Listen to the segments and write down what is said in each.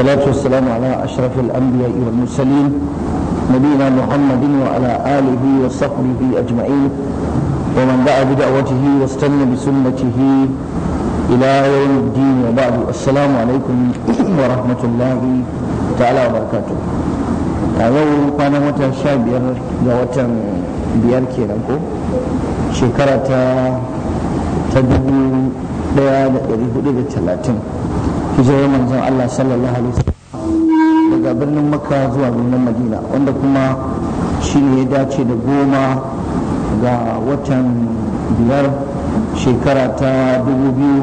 والصلاة والسلام على أشرف الأنبياء والمرسلين نبينا محمد وعلى آله وصحبه أجمعين ومن دعا بدعوته واستنى بسنته إلى يوم الدين وبعد السلام عليكم ورحمة الله تعالى وبركاته yau kwanan watan sha biyar ga watan biyar kenan ko shekara ta ta dubu daya da dari hudu da talatin hijirar manzon Allah sallallahu alaihi wasallam daga birnin makka zuwa birnin madina wanda kuma shi ne ya dace da goma ga watan biyar shekara ta dubu biyu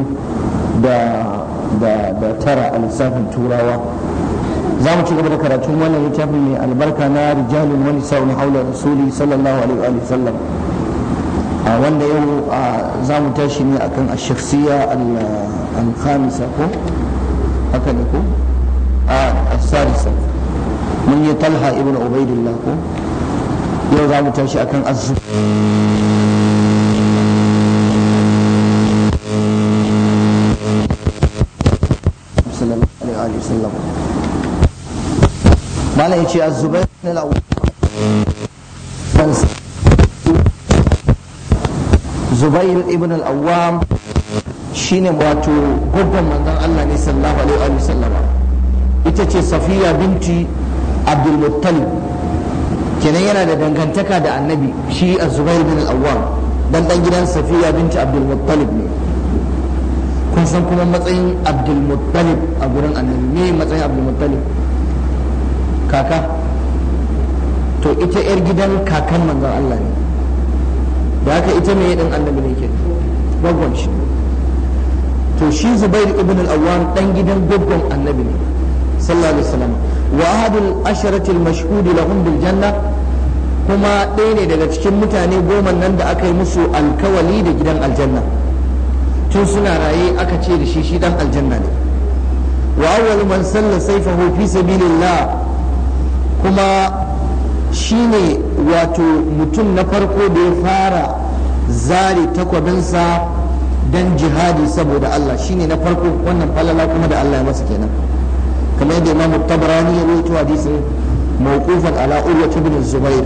da tara a lissafin turawa za mu ci gaba da karatun wannan littafin mai albarka na rijalin wani sauni haula rasuli sallallahu alaihi wa sallam a wanda yau za mu tashi ne akan a shaksiya al-khamisa ko haka ne ko a sadisa mun yi talha ibn ubaidillah ko yau za mu tashi akan azu mala shine wato gobban manzon Allah ne sallallahu alaihi wa sallama ita ce safiya binti abdul muttalib kenan yana da dangantaka da annabi shi az-zubair bin al-awwam dan dan gidan safiya binti abdul muttalib ne kun san kuma matsayin abdul muttalib a gurin annabi me matsayin abdul muttalib kaka to ita yar gidan kakan manzon Allah ne da haka ita me din annabi ne ke gwagwanci to shi Zubairu ibn al-awwam dan gidan goggon annabi ne sallallahu alaihi wasallam wa ahadul asharati al-mashhud lahum bil janna kuma ɗaya ne daga cikin mutane goma nan da aka yi musu alkawali da gidan aljanna tun suna raye aka ce da shi shi dan aljanna ne wa awwalu man salla sayfahu fi sabilillah kuma shine wato mutum na farko da ya fara zari takwabinsa dan jihadi saboda Allah shine na farko wannan falala kuma da Allah ya masa kenan kamar yadda Imam Tabarani ya rawaito hadisin mawqufan ala Urwa ibn Zubair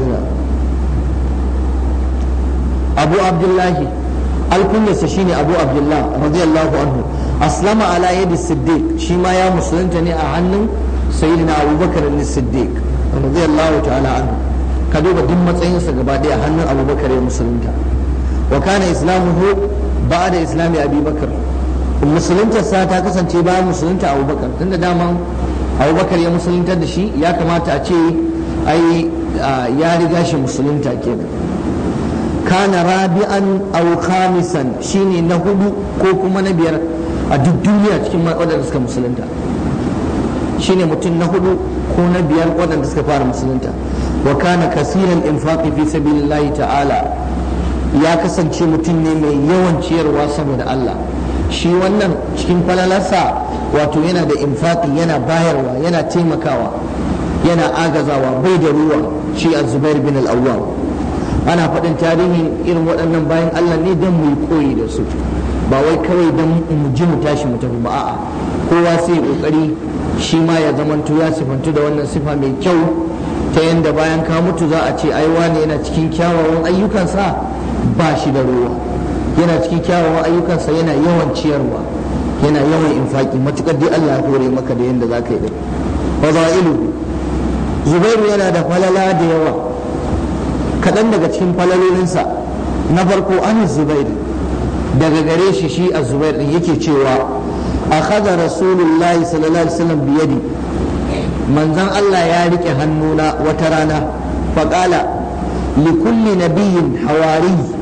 Abu Abdullah alkunyarsa shine Abu Abdullah radiyallahu anhu aslama ala yadi Siddiq shi ma ya musulunta ne a hannun sayyidina Abubakar as-Siddiq radiyallahu ta'ala anhu ka duba duk matsayinsa gaba daya hannun Abu Abubakar ya musulunta wa kana islamuhu ba da islami abubakar musuluntarsa ta kasance bayan musulunta abubakar tunda daman abubakar ya musuluntar da shi ya kamata a ce ai ya riga shi musulunta kenan kana rabi'an aw khamisan shine na hudu ko kuma na biyar a duk duniya cikin wadanda suka musulunta shine mutum na hudu ko na biyar wadanda suka fara musulunta wa kana kasiran infaqi fi sabilillahi ta'ala ya kasance mutum ne mai yawan ciyarwa saboda Allah shi wannan cikin falalarsa wato yana da infaki yana bayarwa yana taimakawa yana agazawa bai da ruwa shi a zubair bin al'awwam ana faɗin tarihin irin waɗannan bayan Allah ne don mu yi koyi da su ba wai kawai don mu ji mu tashi mu tafi ba a'a kowa sai ya kokari shi ma ya zamanto ya sifantu da wannan sifa mai kyau ta yadda bayan ka mutu za a ce aiwa wane yana cikin kyawawan ayyukansa ba shi da ruwa yana cikin kyawawan ayyukansa yana yawan ciyarwa yana yawan infaki matukar dai Allah ya hore maka da yadda zaka yi da fazailu zubairu yana da falala da yawa kaɗan daga cikin falalolinsa na farko an zubair daga gare shi shi a zubair din yake cewa akhadha rasulullahi sallallahu alaihi wasallam yadi manzon Allah ya rike hannuna wata rana faqala likulli nabiyyin hawari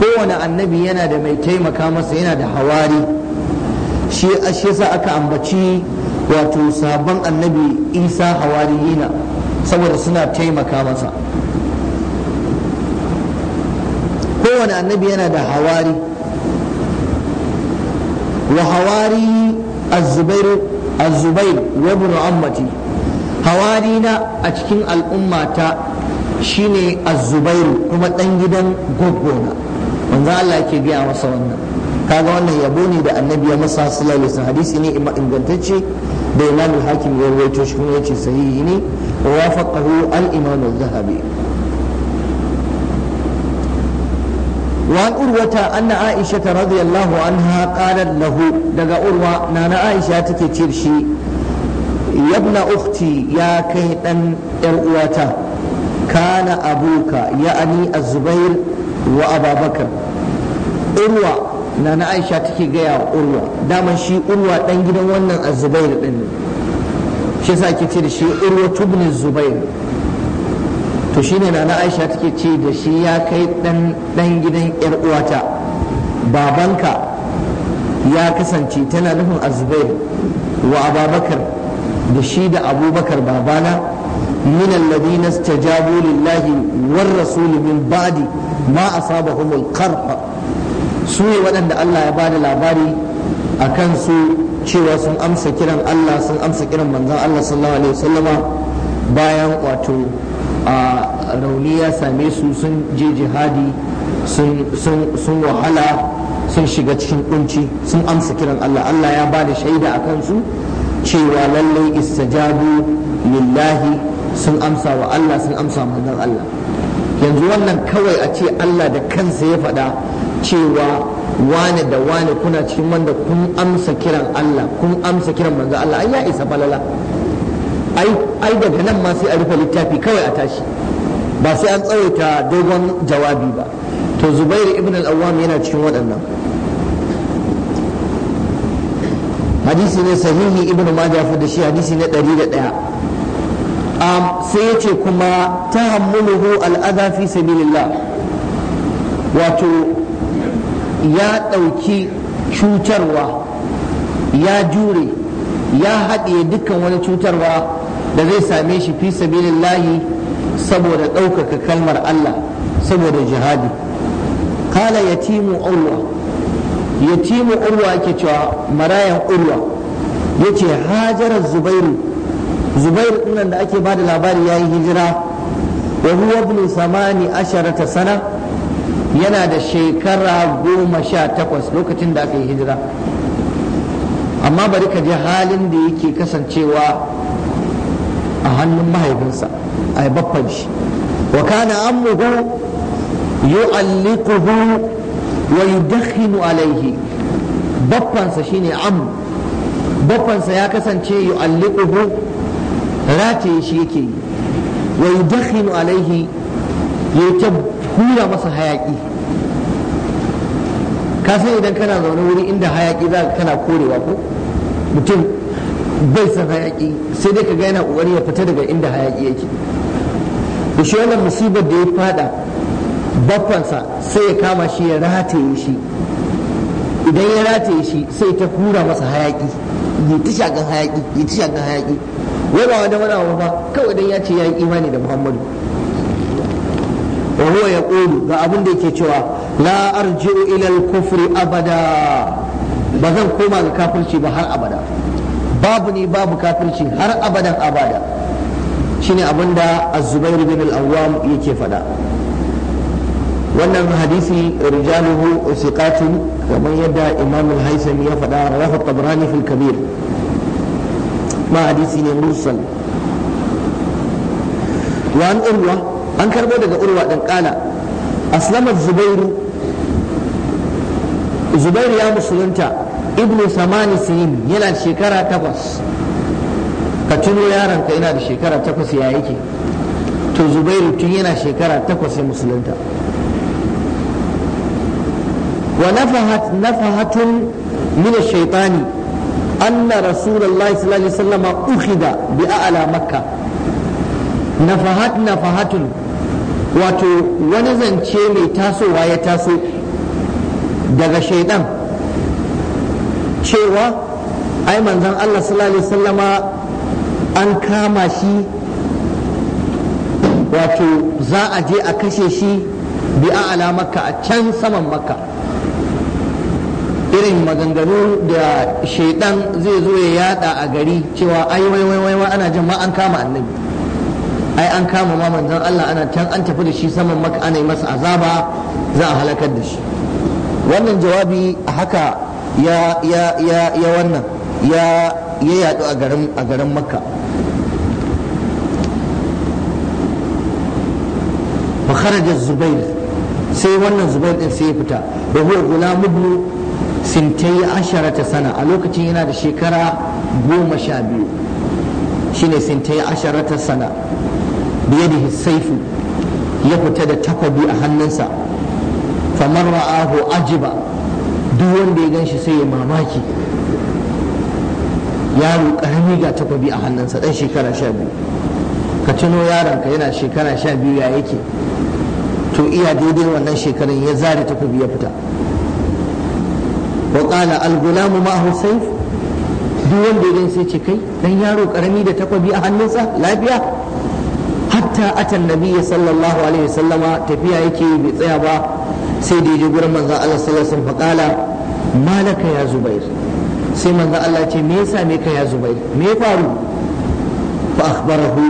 kowane annabi yana da mai taimaka masa yana da hawari shi sa aka ambaci wato sabon annabi isa hawariyina saboda suna taimaka masa kowane annabi yana da hawari wa hawari azubair wabin ammati hawari na a cikin al'ummata shine azubairu kuma ɗan gidan gwaggona manzo Allah yake biya masa wannan kaga wannan yabo ne da annabi ya masa sallallahu alaihi wasallam hadisi ne imma ingantacce da imamu hakim ya rawaito shi kuma yace sahihi ne wa wafaqahu al imam az-zahabi wa an urwata anna aisha radhiyallahu anha qalat lahu daga urwa nana aisha take ce shi yabna ukhti ya kai dan yar uwata kana abuka ya ani az-zubair wa ababakar urwa na na aisha take gaya wa urwa daman shi urwa dan gidan wannan azubair din ne shi yasa ake ce da shi urwa tubni zubair to shine na na aisha take ce da shi ya kai dan dan gidan yar uwata babanka ya kasance tana nufin azubair wa ababakar da shi da abubakar babana min alladhina istajabu lillahi war rasul min ba'di ma asabahumul qarh su ne waɗanda Allah ya bada labari a kansu cewa sun amsa kiran Allah sun amsa kiran manzon Allah sallallahu alaihi wasallama bayan wato a rauni ya same su sun je jihadi sun wahala sun shiga cikin kunci sun amsa kiran Allah Allah ya bada shaida a kansu cewa lallai isa istajabu lillahi sun amsa wa Allah sun amsa manzon Allah yanzu wannan kawai a ce Allah da kansa ya faɗa cewa wane da wane kuna cikin wanda kun amsa kiran Allah kun amsa kiran manzo Allah ai ya isa falala ai daga nan ma sai a rufe littafi kawai a tashi ba sai an tsawaita dogon jawabi ba to Zubairu ibn al-awwam yana cikin waɗannan hadisi ne sahihi ibn majah da shi hadisi ne ɗari da ɗaya Um, sai ya ce kuma ta hammuluhu al'adha fi sabilillah wato ya ɗauki cutarwa ya jure ya haɗiye dukkan wani cutarwa da zai same shi fi sabilillahi saboda ɗaukaka kalmar Allah saboda jihadi kala yatimu urwa yatimu urwa ake cewa marayan urwa yace hajarar zubairu zubair dinnan da ake ba da labari ya yi hijira wa huwa ibn samani ta sana yana da shekara goma sha takwas lokacin da aka yi hijira amma bari ka ji halin da yake kasancewa a hannun mahaifinsa a baffan shi wa kana ammuhu yu'alliquhu wa yudakhinu alaihi baffansa shine am baffansa ya kasance yu'alliquhu rataye shi yake yi wa yudakhinu alaihi ya ta hura masa hayaki ka san idan kana zaune wuri inda hayaki za kana korewa ko mutum bai san hayaki sai dai ka ga yana ya fita daga inda hayaki yake da shi wannan musibar da ya fada baffansa sai ya kama shi ya rataye shi idan ya rataye shi sai ta hura masa hayaki yi ta shakan hayaki yi ta shakan hayaki wai ba wanda wani abu ba kawai dan ya ce ya yi imani da muhammadu wa ya yaqulu ga abin da yake cewa la arji'u ilal kufri abada ba zan koma ga kafirci ba har abada babu ni babu kafirci har abadan abada shine da az-zubair bin al-awwam yake faɗa wannan hadisi rijaluhu siqatun kamar yadda imam al-haisam ya faɗa rawahu tabrani fil kabir ma hadisi ne mursal wa an urwa an karbo daga urwa dan kala aslamat zubairu zubairu ya musulunta ibnu samani sinin yana da shekara takwas ka tuno yaron ka yana da shekara takwas ya yake to zubairu tun yana shekara takwas ya musulunta ونفحت نفحة من الشيطان أن رسول الله صلى الله عليه وسلم أخذ بأعلى مكة نفحت نفحة wato wani zance mai tasowa ya taso daga shaidan cewa ai manzan Allah sallallahu sallama an kama shi wato za a je a kashe shi bi a makka a can saman makka irin maganganu da shaidan zai zo ya yada a gari cewa ai wai wai wai ana jin ma an kama annabi ai an kama ma manzon Allah ana can an tafi da shi saman maka ana yi masa azaba za a halakar da shi wannan jawabi haka ya ya ya ya wannan ya ya yadu a garin a garin makka fa kharaja zubair sai wannan zubair din sai ya fita da huwa gulam ibn sintai asharata sana a lokacin yana da shekara goma sha biyu shine sintai asharata sana da saifu ya fita da takwabi a hannunsa famar ra'ahu ajiba duk wanda ya gan shi sai ya mamaki yaro karami ga takwabi a hannunsa ɗan shekara sha biyu ka tuno yaronka yana shekara sha biyu ya yake to iya daidai wannan shekarun ya zare takobi ya fita wa qala al gulamu ma'ahu duk wanda ya sai ce kai dan yaro karami da takobi a hannunsa lafiya hatta atan nabiyyi sallallahu alaihi wasallama tafiya yake bai tsaya ba sai da je gurin manzon Allah sallallahu alaihi wasallam faqala malaka ya zubair sai manzon Allah ce me yasa me ka ya zubair me ya faru fa akhbarahu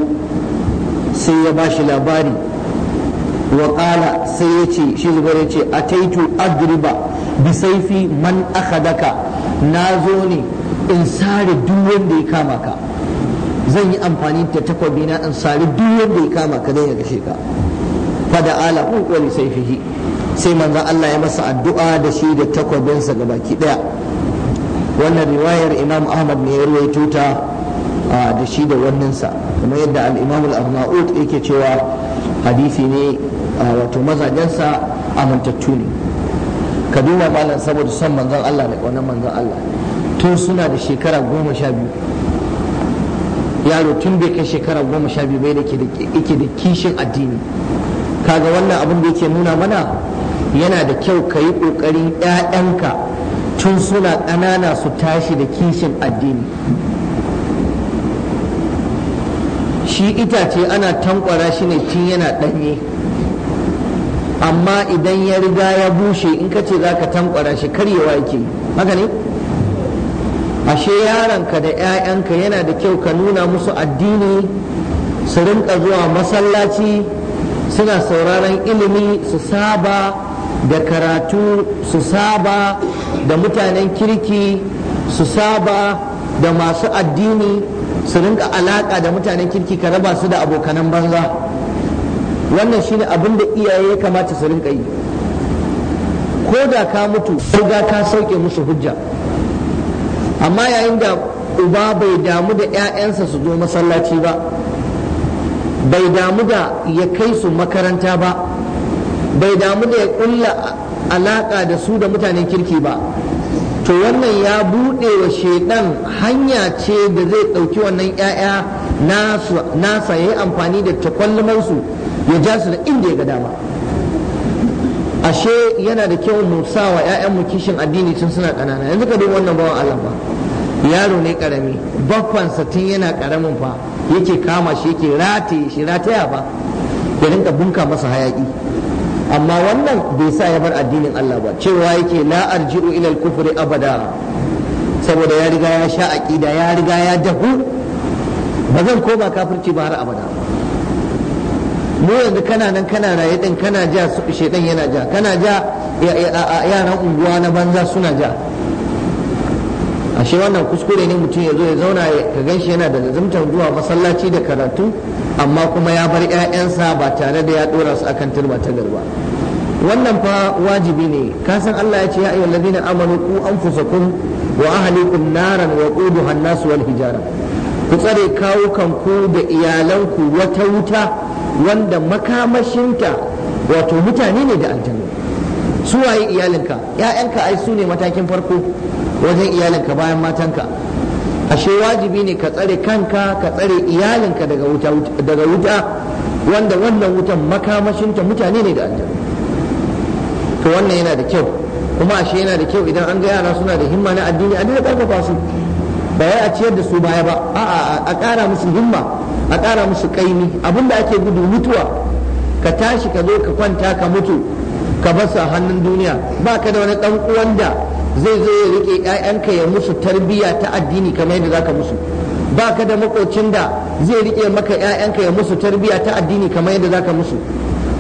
sai ya bashi labari wa sai ya ce shi zubar ya ce ataitu adriba bi saifi man akhadaka na zo ne in sare duk wanda ya kama ka zan yi amfani da takobi na in sare duk wanda ya kama ka zan ya kashe ka fada ala wa li saifihi sai manzon Allah ya masa addu'a da shi da takobinsa ga baki daya wannan riwayar Imam Ahmad ne ya ruwaito ta da shi da wannan sa kamar yadda al'imamul imam arnaut yake cewa hadisi ne wato mazajensa amintattu ne ka duba malam saboda son manzon Allah da ƙaunar manzon Allah tun suna da shekara goma sha biyu yaro tun bai kai shekara goma sha biyu bai da ke da kishin addini kaga wannan abin da yake nuna mana yana da kyau ka yi ƙoƙari ‘ya'yanka tun suna ƙanana su tashi da kishin addini shi itace ana tankwara shi ne tun yana ɗanye amma idan ya riga ya bushe in ka ce za ka tankwara shi karyewa yake haka ne ashe yaranka da 'ya'yanka yana da kyau ka nuna musu addini su rinka zuwa masallaci suna sauraron ilimi su saba da karatu su saba da mutanen kirki su saba da masu addini su rinka alaka da mutanen kirki ka raba su da abokanan banza. wannan shine abin da iyaye ya kamata su rinka yi ko da ka mutu ko da ka sauke musu hujja amma yayin da uba bai damu da 'ya'yansa su zo masallaci ba bai damu da ya kai su makaranta ba bai damu da ya kulla alaka da su da mutanen kirki ba to wannan ya buɗe wa shaidan hanya ce da zai ɗauki wannan 'ya'ya nasa ya yi amfani da takwallumansu ya ja su da inda ya ga dama ashe yana da kyau mu sa wa kishin addini tun suna kanana yanzu ka duk wannan bawan Allah ba yaro ne karami baffansa tun yana karamin fa yake kama shi yake rataye shi rataya ba ya rinka bunka masa hayaki amma wannan bai sa ya bar addinin Allah ba cewa yake la arji'u ilal al-kufri abada saboda ya riga ya sha aqida ya riga ya dahu ba zan koma kafirci ba har abada mu yanzu kana nan kana raye din kana ja shedan yana ja kana ja yaran unguwa na banza suna ja ashe wannan kuskure ne mutum ya zo ya zauna ka gan yana da lazimtar zuwa masallaci da karatu amma kuma ya bar 'ya'yansa ba tare da ya dora su akan turba ta garba wannan fa wajibi ne kasan Allah ya ce ya ayyuhal ladina amanu ku anfusakum wa ahlikum naran wa quduha an-nas hijara ku tsare kawukan ku da iyalanku wata wuta wanda makamashinta wato mutane ne da aljanu su waye iyalinka ‘ya'yanka ai su ne matakin farko wajen iyalinka bayan matanka ashe wajibi ne ka tsare kanka ka tsare iyalinka daga wuta daga wuta wanda wannan wutan makamashinta mutane ne da aljanu to wannan yana da kyau kuma ashe yana da kyau idan an ga yara suna da himma na addini a dinga karfafa su ba wai a ciyar da su baya ba a'a a ƙara musu himma a kara musu kaimi abinda ake gudu mutuwa ka tashi ka zo ka kwanta ka mutu ka basa hannun duniya ba ka da wani ɗan uwan da zai zo ya rike ƴaƴanka ya musu tarbiyya ta addini kamar yadda zaka musu ba ka da makocin da zai rike maka ƴaƴanka ya musu tarbiyya ta addini kamar yadda zaka musu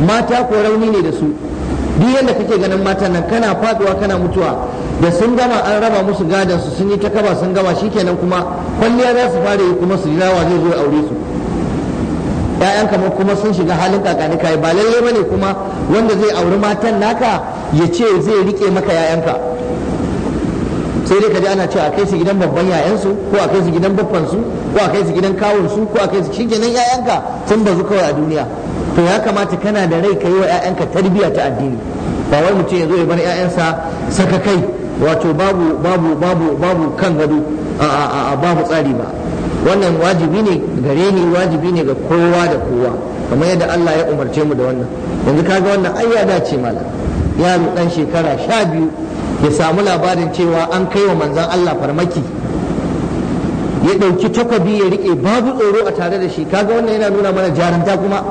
mata ko rauni ne da su duk yadda kake ganin matan nan kana faduwa kana mutuwa da sun gama an raba musu gadon su sun yi ta kaba sun gama shikenan kuma kwalliya za su fara yi kuma su ji zai zo aure su ƴaƴan kamar kuma sun shiga halin kakani kai ba lalle bane kuma wanda zai auri matan naka ya ce zai rike maka ƴaƴanka sai dai ka ana cewa a kai su gidan babban yayansu ko a kai su gidan babban su ko a kai su gidan kawun su ko a kai su shikenan ƴaƴanka sun bazu kawai a duniya to ya kamata kana da rai ka yi wa ƴaƴanka tarbiyya ta addini ba wai mutum ya zo ya bar ƴaƴansa saka kai wato babu babu babu babu kan gado a babu tsari ba wannan wajibi ne gare ni wajibi ne ga kowa da kowa kamar yadda Allah ya umarce mu da wannan yanzu kaga wannan ai ya dace mala yaro dan shekara sha biyu ya samu labarin cewa an kai wa manzan Allah farmaki ya ɗauki takwabi ya riƙe babu tsoro a tare da shi kaga wannan yana nuna mana jarumta kuma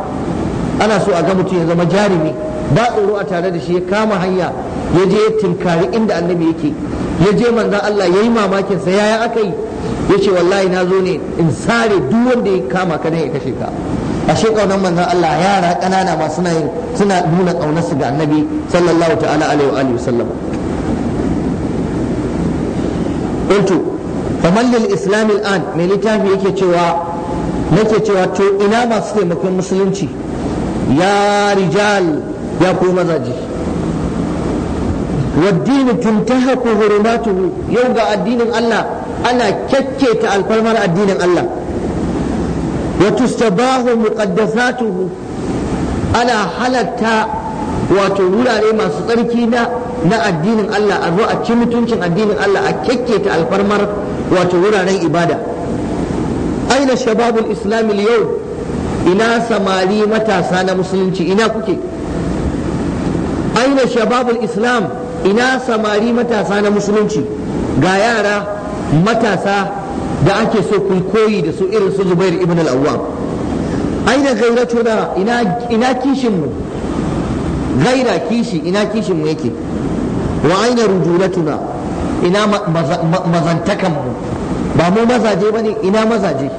ana so a ga mutum ya zama jarumi ba tsoro a tare da shi ya kama hanya ya je ya tinkari inda annabi yake ya je manzan Allah ya yi mamakin sa yaya aka yi ya ce wallahi na zo ne in sare duk wanda ya kama ka ya kashe ka ashe kaunar manzan Allah yara ƙanana ma suna yin suna nuna kaunar su ga annabi sallallahu ta'ala alaihi wa sallam qultu faman lil islam al'an mai littafi yake cewa nake cewa to ina masu taimakon musulunci ya rijal ya ko mazaji والدين تنتهك حرماته يوقع الدين الله أنا ككيت الفرمار الدين الله وتستباه مقدساته أنا حلتا وتولى masu tsarki na addinin Allah a zo a ci mutuncin addinin Allah a kekketa alfarmar wato wuraren ibada aina shababul islami yau ina samari matasa na musulunci ina kuke aina shababul islam ina samari matasa na musulunci ga yara matasa da ake so kun koyi da su irin su zubair ibn al-awwam aina da ina ina kishin mu gaira kishi ina kishin mu yake wa aina rujulatuna ina mazantakan mu ba mu mazaje bane ina mazaje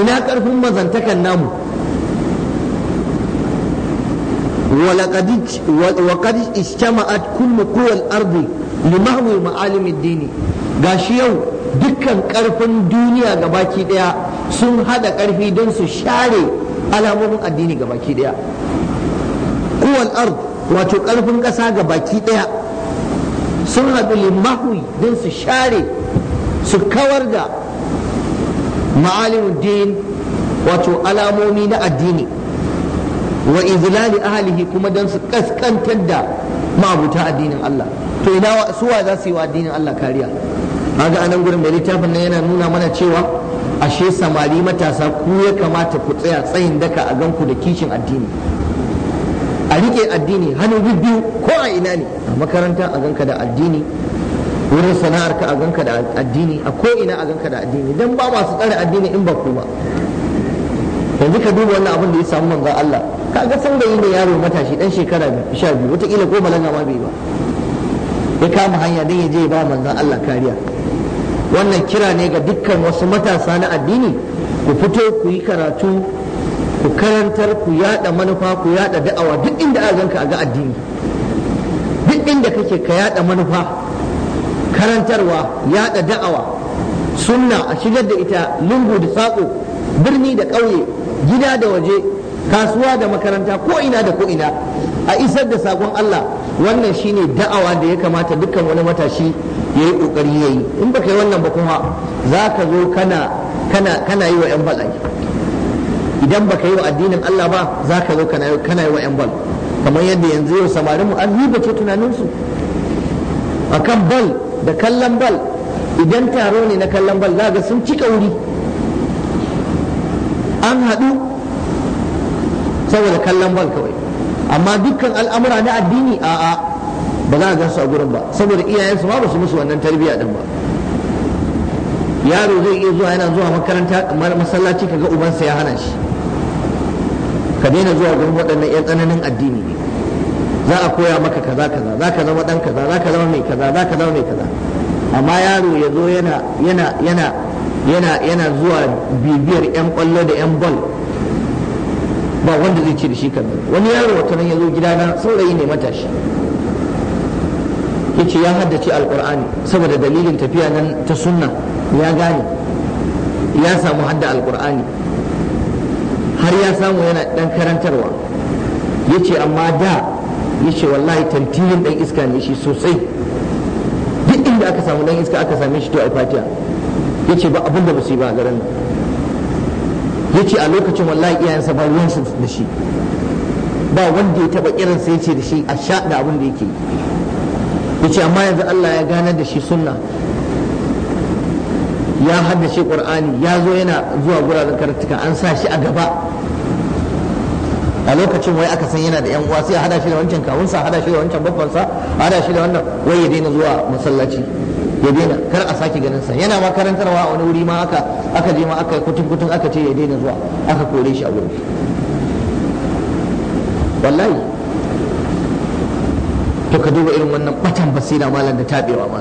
ina karfin mazantakan namu وقد اجتمعت كل قوى الأرض لمهو معالم الدين gashi yau dukkan karfin duniya gabaki daya sun hada karfi don su share alamomin addini gabaki daya kuwal ard wato karfin kasa gabaki daya sun haɗu limahwi don su share su kawar da ma'alimin din wato alamomi na addini wa izlali ahlihi kuma dan su kaskantar da mabuta addinin Allah to ina suwa za su yi wa addinin Allah kariya kaga anan gurin mai littafin nan yana nuna mana cewa ashe samari matasa ku ya kamata ku tsaya tsayin daka a ganku da kishin addini a rike addini hannu biyu ko a ina ne a makaranta a ganka da addini wurin sana'arka a ganka da addini a ko ina a ganka da addini dan ba masu tsare addini in ba ku ba yanzu ka duba wannan abin da ya samu manzon Allah kaga san da ne yaro matashi dan shekara 12 wataƙila ko balaga ma bai ba ya kama hanya dan ya je ba manzon Allah kariya wannan kira ne ga dukkan wasu matasa na addini ku fito ku yi karatu ku karantar ku yada manufa ku yada da'awa duk inda a ganka a ga addini duk inda kake ka yada manufa karantarwa yada da'awa sunna a shigar da ita lungu da saƙo birni da ƙauye gida da waje kasuwa da makaranta ko ina da ko ina a isar da sakon Allah wannan shine da'awa da ya kamata dukkan wani matashi ya yi kokari ya yi in baka yi wannan ba kuma za ka zo kana kana yi wa yan bal idan baka yi wa addinin Allah ba za ka zo kana kana yi wa yan bal kamar yadda yanzu yau samarin mu an riba ce tunaninsu akan bal da kallon bal idan taro ne na kallon bal za ga sun cika wuri an haɗu saboda kallon bal kawai amma dukkan al'amura na addini a'a ba za a gansu a gurin ba saboda iyayensu ma ba su musu wannan tarbiyya din ba yaro zai iya zuwa yana zuwa makaranta masallaci kaga ubansa ya hana shi ka daina zuwa gurin waɗannan 'yan tsananin addini ne za a koya maka kaza kaza za ka zama ɗan kaza za ka zama mai kaza za ka zama mai kaza amma yaro ya zo yana yana yana yana zuwa bibiyar 'yan kwallo da 'yan bol, ba wanda zai ce da shi kan wani yaro wata nan ya zo gida na saurayi ne matashi Ya ce ya haddace alkur'ani saboda dalilin tafiya nan ta sunna ya gane ya samu hadda alkur'ani har ya samu yana dan karantarwa yace amma da ya ce wallahi tantilin dan iska ne shi sosai duk inda aka samu dan iska aka same shi to a fatiha ya ce ba abinda ba su yi ba a garin ya ce a lokacin wallahi iyayensa ba su da shi ba wanda ya taba irin sai ce da shi a sha da abin da yake ya ce amma yanzu Allah ya gane da shi sunna ya haddace qur'ani ya zo yana zuwa guraren karatuka an sa shi a gaba a lokacin wai aka san yana da yan uwa sai a hada shi da wancan kawunsa a hada shi da wancan babbansa a hada shi da wannan wai ya daina zuwa masallaci ya daina kar a sake ganin sa yana ma karantarwa a wani wuri ma aka aka je ma aka kutun kutun aka ce ya daina zuwa aka kore shi a wurin wallahi to ka duba irin wannan batan basira malam da tabewa ma.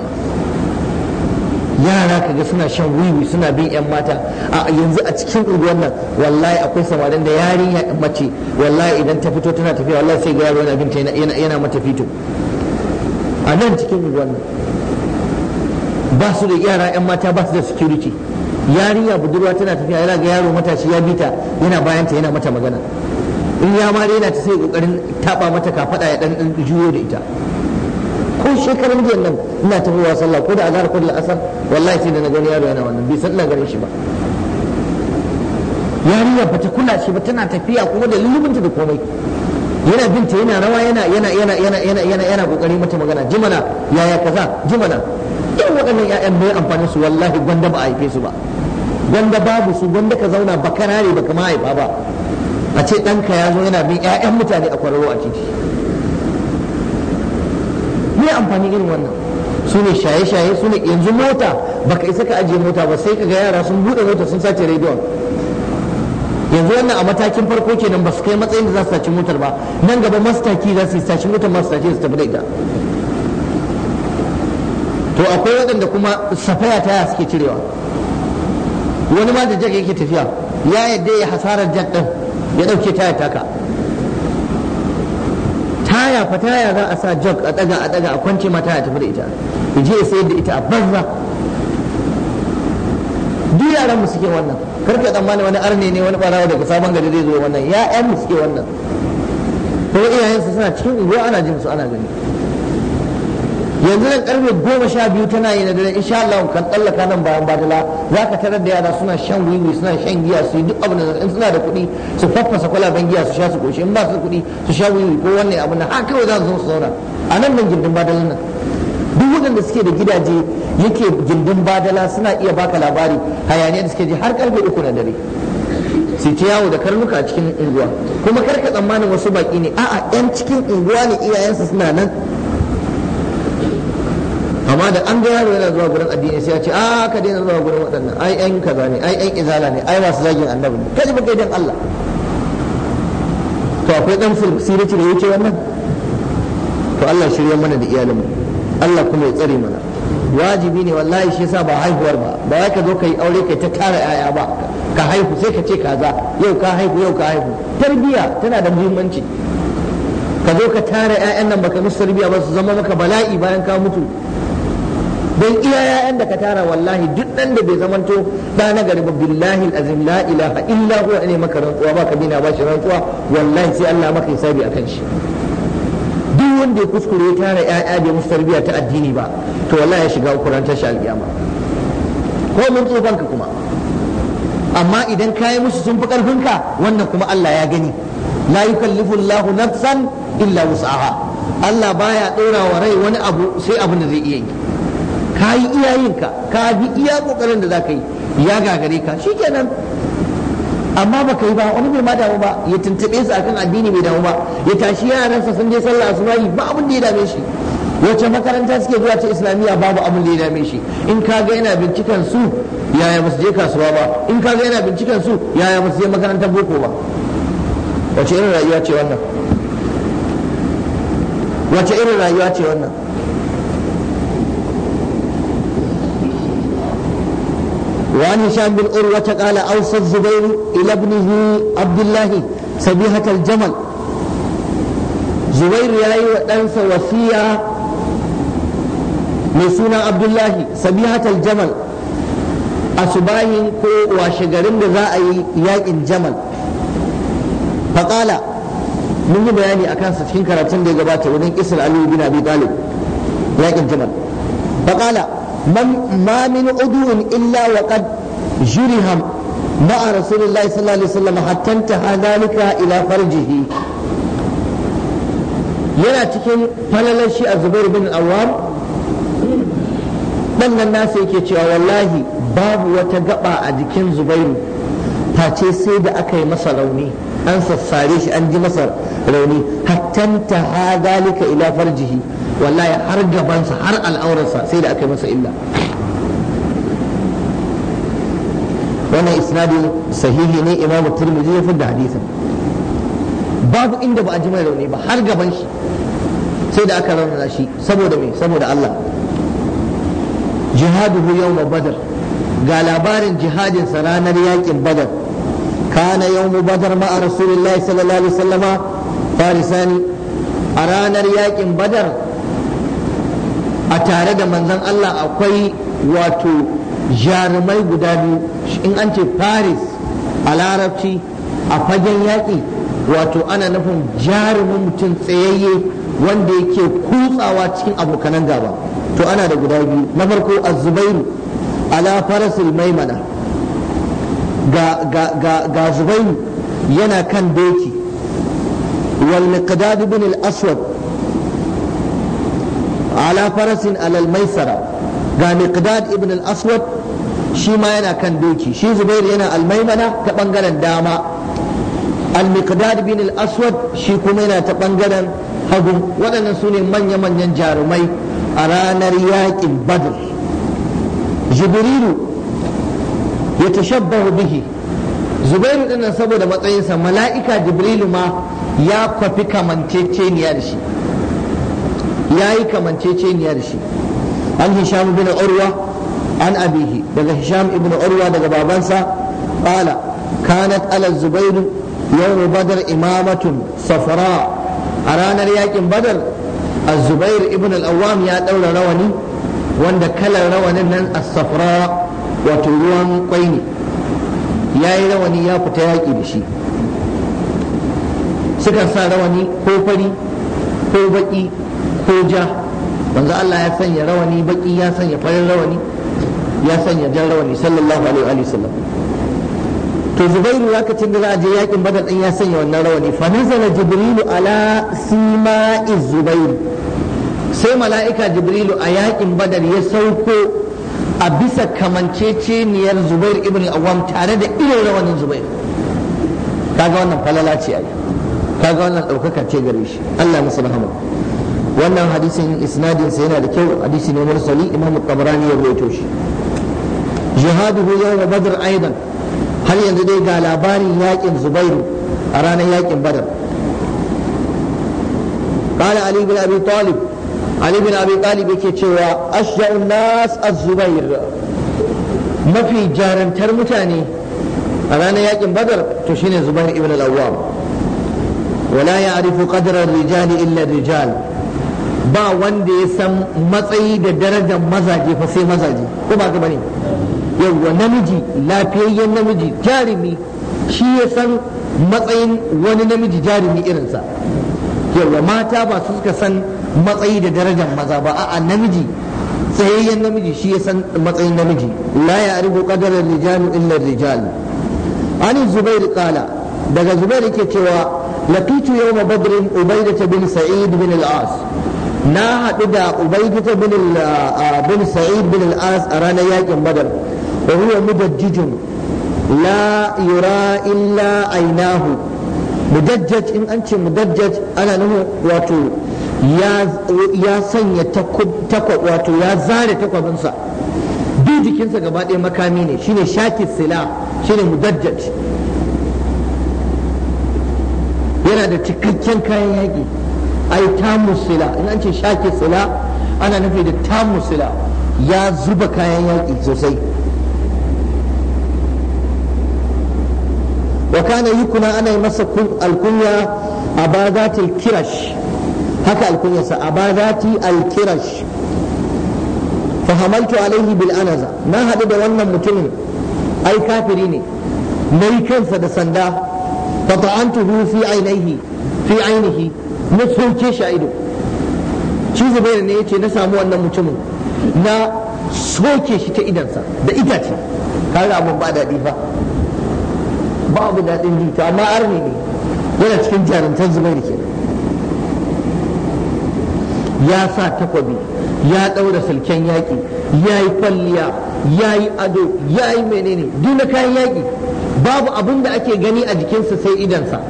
yara kaga suna shan wiwi suna bin yan mata a yanzu a cikin unguwar nan wallahi akwai samarin da yarinya mace wallahi idan ta fito tana tafiya wallahi sai ga yaro yana binta yana mata fito a nan cikin unguwar nan ba su da yara 'yan mata ba su da security yariya budurwa tana tafiya yana ga yaro matashi ya bita yana bayan ta yana mata magana in ya ma yana ta sai kokarin taba mata kafada ya dan juyo da ita ko shekarun biyan nan ina tafiya sallah ko da azhar ko da asar wallahi sai da na gani yaro yana wannan bai sallah garin shi ba yariya bata kula shi ba tana tafiya kuma da lulubinta da komai yana binta yana rawa yana yana yana yana yana yana yana kokari mata magana jimana yaya kaza jimana duk waɗannan 'ya'yan bai amfani su wallahi gwanda ba a haife su ba gwanda babu su gwanda ka zauna ba ne baka ma haifa ba a ce ɗanka ya zo yana bin 'ya'yan mutane a kwararo a titi me amfani irin wannan su ne shaye-shaye su ne yanzu mota baka isa ka ajiye mota ba sai ka ga yara sun buɗe mota sun sace rediyon yanzu wannan a matakin farko kenan ba su kai matsayin da za su saci motar ba nan gaba mastaki za su sace motar mastaki su tafi da ita to akwai waɗanda kuma safaya taya suke cirewa wani ma da jag yake tafiya ya yadda ya hasarar jag ɗin ya ɗauke taya taka taya fa taya za a sa jag a ɗaga a ɗaga a kwance ma taya tafi da ita ya je ya sayar da ita a banza duk yaran mu suke wannan karka tsammani wani arne ne wani barawa daga sabon gari zai zo wannan ya'yan mu suke wannan Kuma iyayensu suna cikin unguwa ana jin su ana gani yanzu nan karfe goma sha biyu tana yi na dare insha Allah kan tsallaka nan bayan badala za ka tarar da yara suna shan wiwi suna shan giya su yi duk abin da in suna da kuɗi su faffasa kwalaben giya su sha su koshi in ba su kuɗi su sha wiwi ko wannan abin da haka kawai za su zo su zauna a nan nan gindin badalan nan duk waɗanda suke da gidaje yake gindin badala suna iya baka labari hayaniya da suke ji har karfe uku na dare su yawo da karnuka a cikin unguwa kuma karka tsammanin wasu baki ne a'a yan cikin unguwa ne iyayensu suna nan amma da an gaya yana zuwa gurin addini sai ya ce a ah, ka daina zuwa gurin waɗannan ai ƴan kaza ne ai ƴan izala ne ai masu zagin annabi ne kaji baka dan Allah to akwai dan sirri da yake wannan to Allah shirya mana da iyalinmu Allah kuma ya tsare mana wajibi ne wallahi shi yasa ba haihuwar ba ba za ka zo ka yi aure kai ta tara yaya ba ka haihu sai ka ce kaza yau ka haihu yau ka haihu tarbiya tana da muhimmanci ka zo ka tara yayan nan baka musu tarbiya ba su zama maka bala'i bayan ka mutu don iya yayan da ka tara wallahi duk dan da bai zamanto da na gari ba billahi azim la ilaha illa huwa ne maka rantsuwa ba ka bina ba shi rantsuwa wallahi sai Allah maka hisabi akan shi duk wanda ya kuskure ya tara yaya da musu tarbiyya ta addini ba to wallahi ya shiga ukurantar shi alƙiyama ko mun tsofanka kuma amma idan yi musu sun fi ƙarfinka wannan kuma Allah ya gani la yukallifu Allahu nafsan illa wus'aha Allah baya ɗora wa rai wani abu sai abin da zai iya yi ka yi iyayenka ka bi iya kokarin da za ka yi ya gagare ka shi kenan amma ba ka yi ba wani bai ma damu ba ya tuntube su akan addini bai damu ba ya tashi ransa sun je sallah su ba abin da ya dame shi wace makaranta suke zuwa ta islamiyya babu abin da ya dame shi in ka ga yana bincikan su yaya ba su je kasuwa ba in ka ga yana bincikan su yaya ba su je makarantar boko ba wace irin rayuwa ce wannan wace irin rayuwa ce wannan وعن هشام بن عروة قال أوصى الزبير إلى ابنه عبد الله سبيحة الجمل زبير يلي وأنس وفيا mai عبد الله سبيحة الجمل a ko washe garin da za a yi yakin jamal faƙala mun yi bayani a kansa cikin karatun da ya gabata wajen isra aliyu bin abi ما من عضو إلا وقد جرهم مع رسول الله صلى الله عليه وسلم حتى انتهى ذلك إلى فرجه yana cikin falalar shi a zubair bin awam ɗannan nasa yake cewa wallahi babu wata gaba a jikin zubairu face sai da aka yi masa rauni an sassare shi an ji masa rauni hattanta ha ila farjihi wallahi har gabansa har al'aurarsa sai da aka yi masa illa wannan isnadi sahihi ne imamu turmizi ya fidda hadisin babu inda ba a ji mai rauni ba har gaban shi sai da aka raunana shi saboda me saboda Allah jihaduhu yawma badar ga labarin jihadin ranar yakin badar kana Yau badar ma'a rasulullahi sallallahu alaihi wasallama farisani a ranar yakin badar a tare da manzan Allah akwai wato jarumai guda biyu in an ce paris a larabci a fagen yaƙi wato ana nufin jarumin mutum tsayayye wanda yake kutsawa cikin abokanan gaba to ana da guda biyu na farko azubairu ala farasil maimana ga, zubairu yana kan doki wal miqdad ibn al-aswad ala farasin alal maisara ga miqdad ibn al-aswad shi ma yana kan doki shi zubairu yana almaimana ta bangaren dama al-miqdad bin al-aswad shi kuma yana ta bangaren hagu waɗannan su ne manya-manyan jarumai a ranar yaƙin badr jibrilu ya tashabbahu bihi zubairu ɗinnan saboda matsayinsa mala'ika jibrilu ma ya kwafi kamanceceniya da shi ya yi kamanceceniya da shi an hisham bin urwa an abihi daga hisham ibn urwa daga babansa qala kanat ala zubair yawm badar imamatun safara a ranar yakin badar az-zubair ibn al-awwam ya daura rawani wanda kalar rawanin nan as-safra wato ruwan kwai ne yayi rawani ya fita yaki da shi sukan sa rawani ko fari ko baki ko ja Allah ya sanya rawani baki ya sanya farin rawani ya sanya jan rawani sallallahu alaihi wa sallam to zubairu lokacin da za a je yakin badar din ya sanya wannan rawani fa nazala jibrilu ala sima zubairu sai mala'ika jibrilu a yakin badar ya sauko a bisa kamanceceniyar zubair ibn awam tare da irin rawanin zubair kaga wannan falala ce ai kaga wannan daukaka ce gare shi Allah masa rahama wannan hadisin isnadin sa yana da kyau hadisi ne mursali imam tabarani ya rawaito shi jihaduhu yawm badr aidan har yanzu dai ga labarin yakin zubairu a ranar yakin badar قال علي بن ابي طالب علي بن ابي طالب yake cewa ashja'u nas az-zubair mafi jarantar mutane a ranar yakin badar to shine zubair ibn al-awwam ولا يعرف قدر الرجال الا الرجال ba wanda ya san matsayi da darajar mazaje fa sai mazaje ko ba gaba ne yawwa namiji lafiyayyen namiji jarumi shi ya san matsayin wani namiji jarumi irinsa yawwa mata ba su suka san matsayi da darajar maza ba a'a namiji tsayayyen namiji shi ya san matsayin namiji la ya arigo qadara rijalu illa rijal ani Zubairu qala daga zubair yake cewa لقيت يوم badrin ubaydah bin sa'id bin al na haɗu da ubangiji bin sa'id bin al'as a ranar yakin badar wa huwa mudajjijun la yura illa ainahu mudajjaj in an ce mudajjaj ana wato ya sanya takwa wato ya zare takwabinsa duk jikinsa gaba ɗaya makami ne shine shakis sila shine mudajjaj yana da cikakken kayan yaƙi ai tamu sila in an ce shake sila ana nufi da tamu sila ya zuba kayan yaƙi sosai wa kana kuna ana yi masa alkunya a bazatil kirash haka alkunyarsa a bazati alkirash fahamaltu alaihi bil anaza na haɗu da wannan mutumin ai kafiri ne na yi kansa da sanda fata'antuhu fi ainihi fi ainihi na sauke shi a ido shi zubairu ne ya ce na samu wannan mutumin na soke shi ta idansa da itace kaga abin ba daɗi ba abu daɗin ji amma arni ne yana cikin jarumtar zubairu ke ya sa takwabi ya ɗaura silken yaƙi ya yi kwalliya ya yi ado ya yi menene duk na kayan yaƙi babu abin da ake gani a jikinsa sai idansa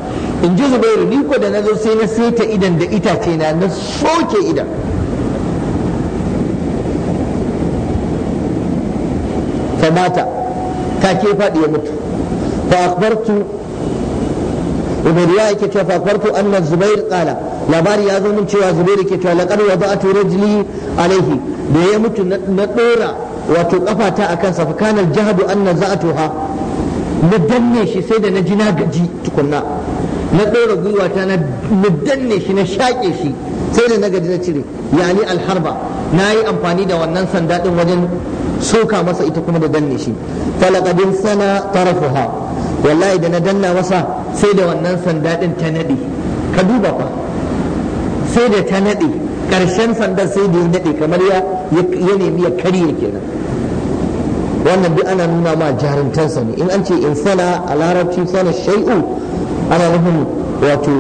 in ji zubairu ni ko da na zo sai na saita idan da itace na na soke idan famata ta ke faɗi ya mutu fa akbartu ubariya yake cewa fa akbartu anna zubair qala labari ya zo min cewa zubair yake cewa laqad wada'tu rajli alaihi da ya mutu na dora wato kafata akan safkanar fa kana jahadu anna za'atuha na danne shi sai da na ji na gaji tukunna na ɗora gwiwa ta na danne shi na shaƙe shi sai da na gaji na cire ni alharba na yi amfani da wannan sanda ɗin wajen soka masa ita kuma da danne shi falakadin sana tarafuha wallahi da na danna masa sai da wannan sanda ɗin ta naɗe ka duba fa sai da ta naɗe ƙarshen sandar sai da ya naɗe kamar ya nemi ya karye kenan wannan duk ana nuna ma jarintansa ne in an ce in sana a larabci sana shai'u ana nufin wato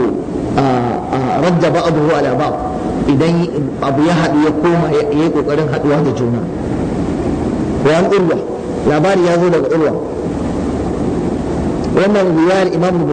ba a ala ba idan abu ya haɗu ya koma ya yi ƙoƙarin haɗuwa da juna wani urwa labari ya zo daga urwa wannan riwayar imam